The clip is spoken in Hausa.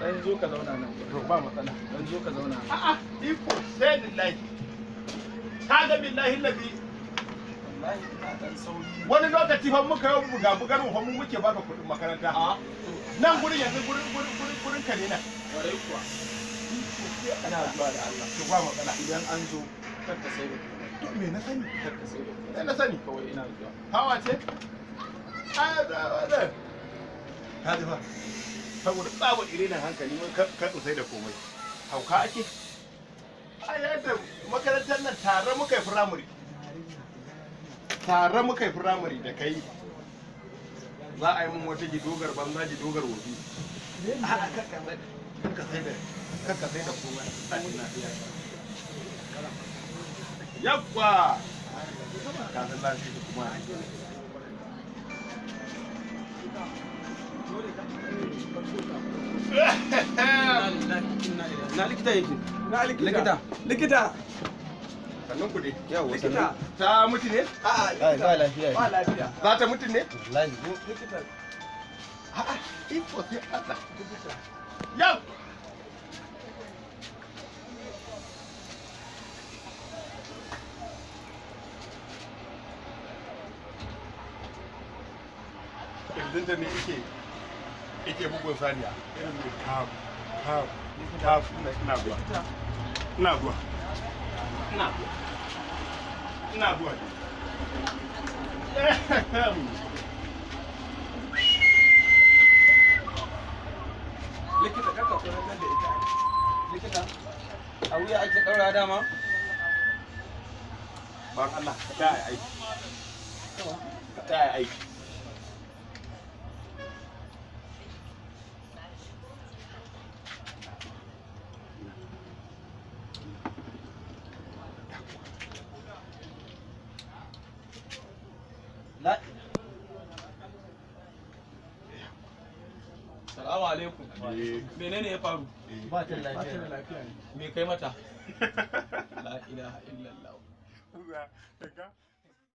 dan zo ka zauna nan to ba matsala dan zo ka zauna a a iko sai ta ga billahi wani lokaci fa muka yi buga bugar fa mun muke baka kuɗin makaranta nan gurin yanzu gurin gurin gurin kare nan warai kuwa ana zuwa da Allah to ba matsala idan an zo kar ka sai da na sani kar ka sai da na sani kawai ina zuwa hawa ce a da da ka ji ba saboda babu irinin hankali wai kan sai da komai hauka ake a yadda makarantar nan tare muka yi firamare tare muka yi firamare da kai za a yi min wata gidogar banza gidogar wofi a kanka sai da kanka sai da komai tsanin na fiya a kasar lafiya kuma na likita yake na likita likita sannan ku dai likita ta mutu ne a'a ba lafiya ba lafiya za ta mutu ne wallahi likita a'a iko sai Allah likita yau da ne bugun saniya irin mai kamu ina zuwa ina likita da ita likita a wuya dama ka taya aiki Salamu alaikum. Menene ya faru? Ba ta lafiya. ne. Me kai mata? La ilaha illallah.